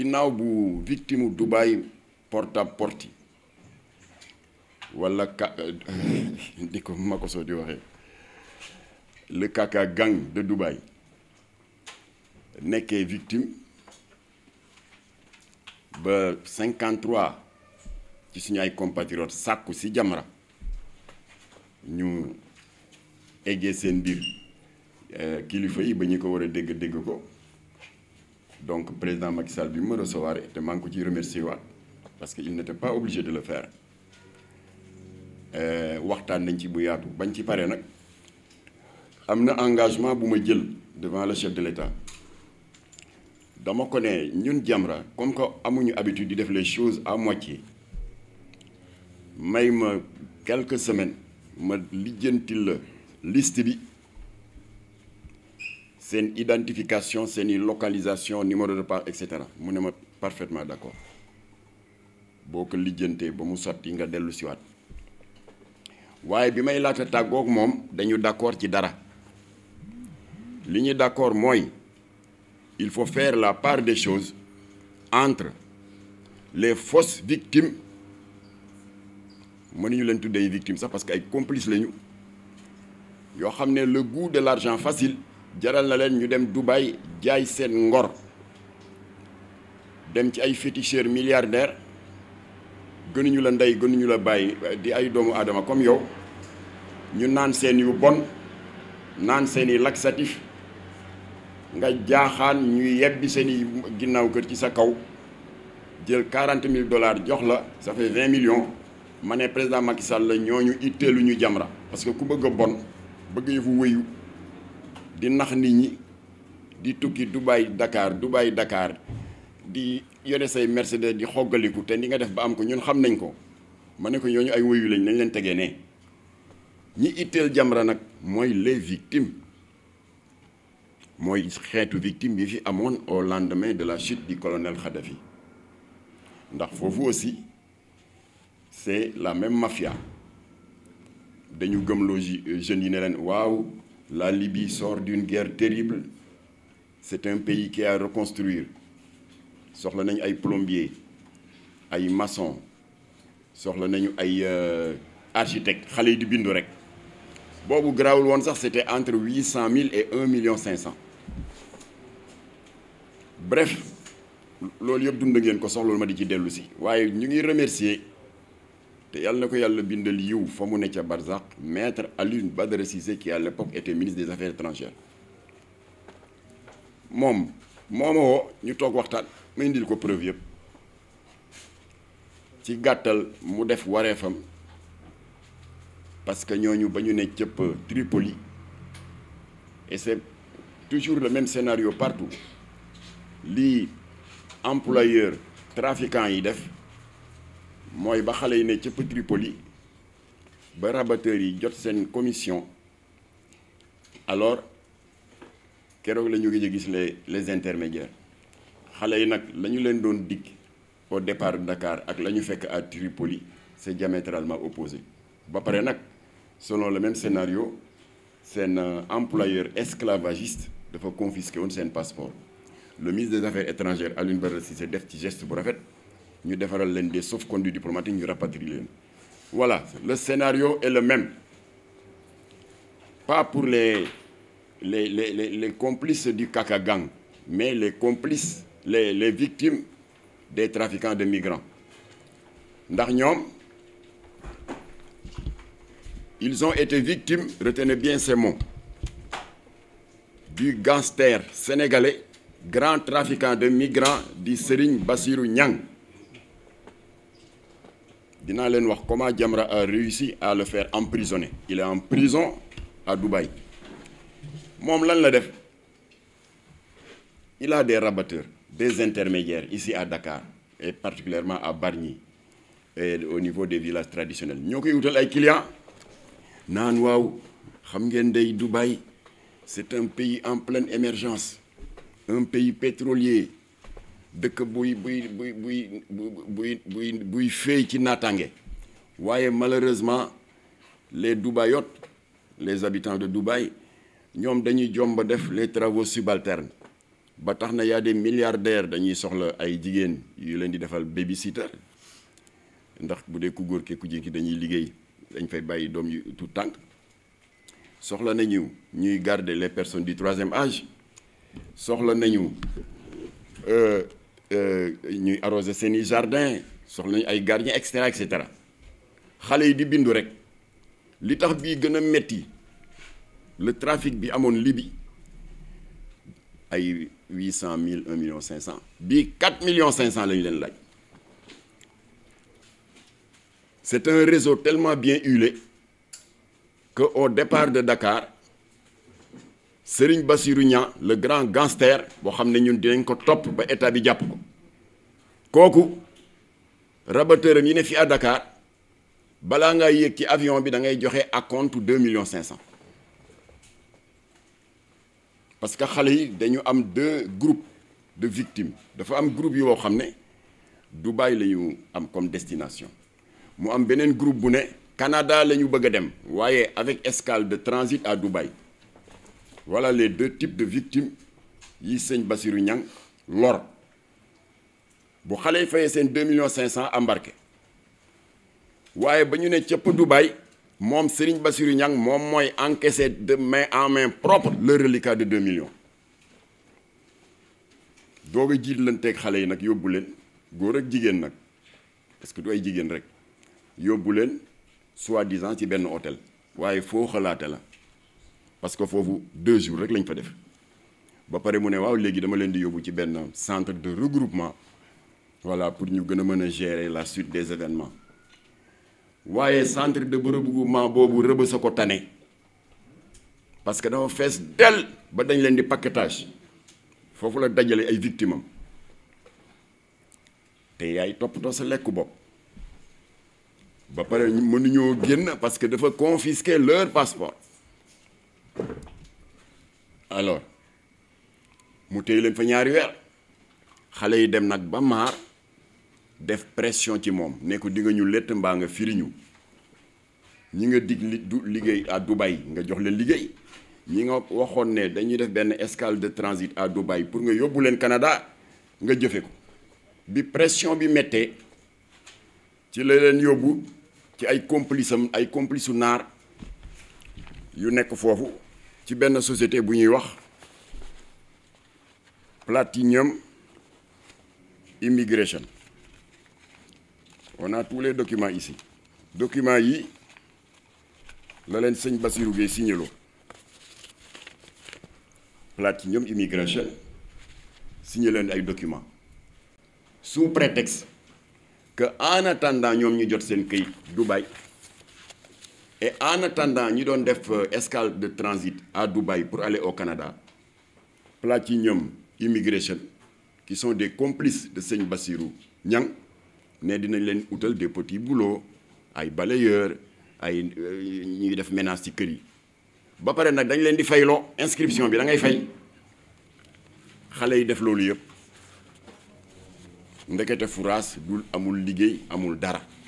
ginnaaw bu victime u Dubaay porta porte yi wala ka di euh, ko Makosso di waxee le Kaka Gang de Dubaï nekkee victime ba 53 ci suñu ay compatriotes sàkku si Jamra ñu eggee seen biir euh, kilifa yi ba ñu ko war a dégg dégg ko donc président Macky Sall bi mu ma recevoir te maa ngi ko ciy remercier waat parce que il n'était pas obligé de le faire euh, waxtaan nañ ci bu yaatu bañ ci pare nag am na engagement bu ma jël devant le chef de l'État dama ko ne ñun Jamra comme que amuñu habitude di def les chose à moitié may ma quelque semaine ma lijjantil la liste bi seen identification seen i localisation numéro de part et cetera mu ne ma parfaitement d'accord boo ko lijjantee ba mu sotti nga dellu waat waaye bi may laata tàggoog moom dañu d'accord ci dara li ñu d'accord mooy il faut faire la part des choses entre les fausses victimes mënuñu leen tuddee victimes sax parce que ay complices lañu yoo xam ne le goût de l'argent facile jaral na leen ñu dem Dubaï jaay seen ngor dem ci ay féticheur milliardaire gënuñu la ndey gënuñu la bàyyi di ay doomu aadama comme yow ñu naan seen yu bon naan seeni laxatif nga jaaxaan ñu yebbi seeni ginnaaw kër ci sa kaw jël quarante mille dollars jox la ça fait vingt ma ne président Macky Sall ñoo ñu itteelu ñu Jamra parce que ku bëgg a bon bëgg yëfu wëyu di nax nit ñi di tukki Dubaï Dakar Dubaï dakaar di yore say Mercedes di xoggaliku te ni nga def ba am ko ñun xam nañ ko ma ne ko ñooñu ay wuyu lañ nañ leen tegee ne ñi itteel Jamra nag mooy les victimes mooy xeetu victime yi fi amoon au lendemain de la chute du colonel Kadhafi ndax foofu aussi c'est la même mafia dañu gëmloo jeunes yi ne leen waaw La Libye sort d'une guerre terrible. C'est un pays qui est à reconstruire. soxla nañu ay plombier ay maçon soxla nañu ay euh, architecte xale yi di bindu rek boobu garaawul woon sax c'était entre huit cent mille et un million cinq cent bref loolu yëpp dund ngeen ko soxla ma di ci dellu si waaye ñu ngi remercier te yàlla na ko yàlla bindal yiw fa mu ne ca Barzak maître Alioune Badara Cissé qui à l'époque était ministre des affaires étrangères moom moo ma ñu toog waxtaan ma indil ko preuve yëpp ci gàttal mu def wareefam parce que ñooñu ba ñu ne cëpp Tripoli et c'est toujours le même scénario partout lii employeur trafiquant yi def mooy ba xale yi ne ca Tripoli ba rabatteurs yi jot seen commission alors keroog la ñu gëj a gis les les intermédiaires xale yi nag la ñu leen doon dikk au départ Dakar ak la ñu fekk à Tripoli c'est diamétralement opposé ba pare nag selon le même scénario seen euh, employeur esclavagiste dafa confisque woon seen passeport le ministre des affaires étrangères Alioune Badara Cissé def ci geste bu rafet ñu defaral leen des sauf-conduits diplomatiques ñu rapatrier leen voilà le scénario est le même pas pour les les les les, les complices du Kaka Gang mais les complices les les victimes des trafiquants de migrants ndax ñoom ils ont été victimes retenez bien ces mots du gangster sénégalais grand trafiquant de migrants di Serigne Bassirou Niang dinaa leen wax comment Jamra a réussi à le faire emprisonner il est en prison à Dubaï moom lan la def il a des rabatteurs des intermédiaires ici à Dakar et particulièrement à Bargny et au niveau des villages traditionnels ñoo koy wutal ay clients naan waaw xam ngeen day Dubaï c'est un pays en pleine émergence un pays pétrolier dëkk buy buy buy buy buy buy buy féey ci naataange waaye malheureusement les Dubaïotes les habitants de Dubaï ñoom dañuy jomba def les travaux subalternes ba tax na yaa des milliardaires dañuy soxla ay jigéen yu leen di defal baby-sitter ndax bu dee ku góor ke ku jigéen dañuy liggéey dañ fay bàyyi doom yu tout tànk soxla nañu ñuy garder les personnes du troisième âge soxla nañu. Euh, Euh, ñuy arroser seen i jardin soxla nañu ay gardien et cetera cetera xale yi di bindu rek li tax bi gën a metti le trafic bi amoon libi ay huit cent mille un million cinq cent bii quatre millions cinq cent la ñu leen laaj c'est un réseau tellement bien ule que au départ de Dakar Serigne Bassirou Niang le grand gangster boo xam ne ñun dinañ ko topp ba état bi jàpp ko kooku rabatteur am yi ne fi à Dakar balaa ngaa yéeg ci avion bi da ngay joxe à compte deux cinq cent parce que xale yi dañu am deux groupe de victimes dafa am groupe yoo xam ne Dubaï la ñu am comme destination mu am beneen groupe bu ne Canada la ñu bëgg a dem waaye avec escale de transit à Dubaï. voilà les deux type de victimes yi sëñ Bassirou Niang lor bu xale yi fayee seen deux millions cinq cent embarqué waaye ba ñu ne cëpp du Dubaï moom Serigne Bassirou Niang moom mooy encaissé de main en main propre le reliquat de deux millions doog a jiitlanteeg xale yi nag yóbbu leen góor ak jigéen nag parce que du ay jigéen rek yóbbu leen soi-disant ci benn hôtel waaye foo xalaate la parce que foofu deux jours rek lañ fa def ba pare mu ne waaw léegi dama leen di yóbbu ci benn centre de regroupement voilà pour ñu gën a mën a gérer la suite des événements waaye centre de regroupement boobu rëba sa ko tane parce que dafa fees del ba dañ leen di paquetage foofu la dajale ay victimes te yaay toppatoo sa lekku bopp ba pare mënuñoo génn parce que dafa confisquer leur passeport alors mu téye leen fa ñaari weer xale yi dem nag ba maar def pression ci moom ne ko di ñu lett mbaa nga firiñu ñi nga dig li du liggéey à Dubaï nga jox leen liggéey ñi nga waxoon ne dañuy def benn escale de transit à Dubaï pour nga yóbbu leen Canada nga jëfe ko bi pression bi méttee ci la leen yóbbu ci ay complice ay complice u naar yu nekk foofu ci benn société bu ñuy wax Platinum Immigration on a tous les documents ici documents yi la leen sëñ Bassirou Gueye signéloo Platinum Immigration signé leen ay documents sous prétexte que en attendant ñoom ñu jot seen këyit Dubaï et en attendant ñi doon def euh, escale de transit à Dubaï pour aller au Canada Platinum Immigration qui sont des complices de Sëñ Bassirou Niang ne dinañ leen utal des petits boulots ay balayeurs ay euh, ñuy def ménage ci kër yi ba pare nag dañ leen di loo inscription bi da ngay fay xale yi def loolu yëpp ndekete furaas dul amul liggéey amul dara